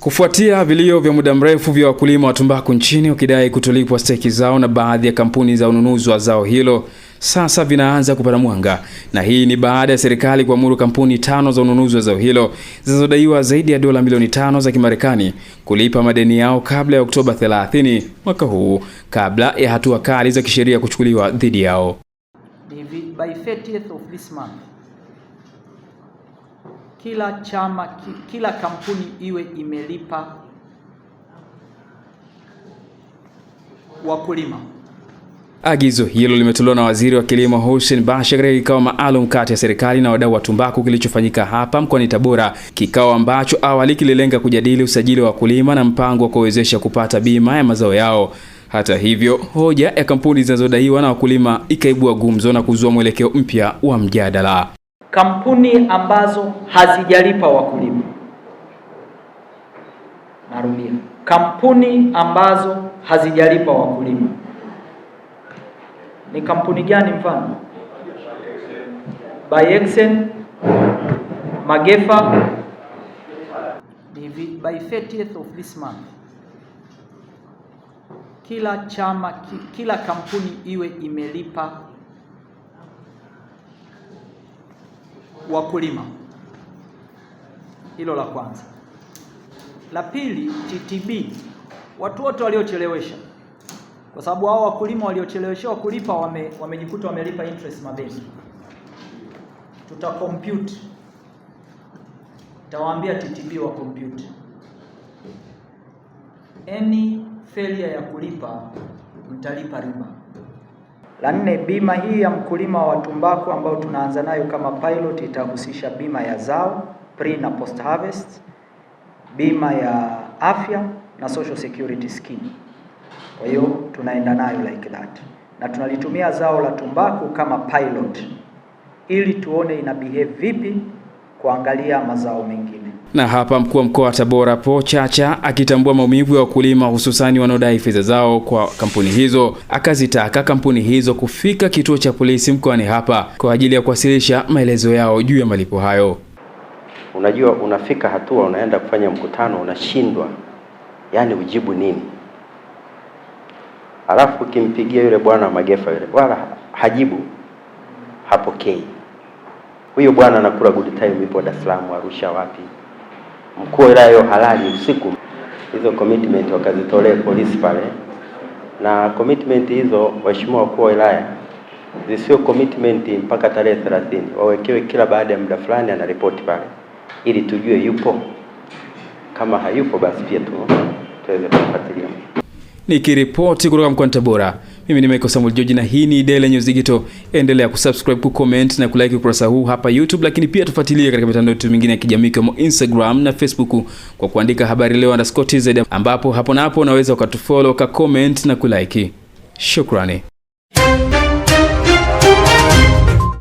Kufuatia vilio vya muda mrefu vya wakulima wa tumbaku nchini wakidai kutolipwa steki zao na baadhi ya kampuni za ununuzi wa zao hilo, sasa vinaanza kupata mwanga, na hii ni baada ya serikali kuamuru kampuni tano za ununuzi wa zao hilo zinazodaiwa zaidi ya dola milioni tano za Kimarekani kulipa madeni yao kabla ya Oktoba 30 mwaka huu, kabla ya hatua kali za kisheria kuchukuliwa dhidi yao. by 30th of this month kila chama ki, kila kampuni iwe imelipa wakulima. Agizo hilo limetolewa na Waziri wa Kilimo Hussein Bashe katika kikao maalum kati ya serikali na wadau wa tumbaku kilichofanyika hapa mkoani Tabora, kikao ambacho awali kililenga kujadili usajili wa wakulima na mpango wa kuwezesha kupata bima ya mazao yao. Hata hivyo, hoja ya kampuni zinazodaiwa na wakulima ikaibua gumzo na kuzua mwelekeo mpya wa mjadala kampuni ambazo hazijalipa wakulima. Narudia, kampuni ambazo hazijalipa wakulima ni kampuni gani? Mfano Bayexen, Magefa. By 30th of this month kila chama, kila kampuni iwe imelipa wakulima. Hilo la kwanza. La pili, TTB, watu wote waliochelewesha, kwa sababu hao wakulima waliocheleweshewa kulipa wame, wamejikuta wamelipa interest mabenki. Tuta compute, tawaambia TTB wa compute any failure ya kulipa, mtalipa riba. La nne, bima hii ya mkulima wa tumbaku ambayo tunaanza nayo kama pilot itahusisha bima ya zao pre na post harvest, bima ya afya na social security scheme. Kwa hiyo tunaenda nayo like that, na tunalitumia zao la tumbaku kama pilot ili tuone ina behave vipi kuangalia mazao mengine. Na hapa mkuu wa mkoa wa Tabora Po Chacha akitambua maumivu ya wakulima hususani wanaodai fedha zao kwa kampuni hizo, akazitaka kampuni hizo kufika kituo cha polisi mkoani hapa kwa ajili ya kuwasilisha maelezo yao juu ya malipo hayo. Unajua, unafika hatua unaenda kufanya mkutano unashindwa, yaani ujibu nini? Alafu ukimpigia yule bwana Magefa yule wala hajibu, hapokei. Huyo bwana anakula good time, ipo Dar es Salaam, Arusha, wapi mkuu wa wilaya hiyo halali usiku, hizo commitment wakazitolea polisi pale, na commitment hizo, waheshimiwa wakuu wa wilaya, zisio commitment mpaka tarehe 30, wawekewe kila baada ya muda fulani anaripoti pale, ili tujue yupo. Kama hayupo, basi pia tu tuweze kufuatilia. Nikiripoti kutoka mkoani Tabora. Mimi ni Michael Samuel George na hii ni Daily News Digital. Endelea kusubscribe, kucomment na kulike ukurasa huu hapa YouTube, lakini pia tufuatilie katika mitandao yetu mingine ya kijamii kama Instagram na Facebook kwa kuandika habari leo underscore tz, ambapo hapo na hapo unaweza ukatufollow, ukacomment na kulike. Shukrani.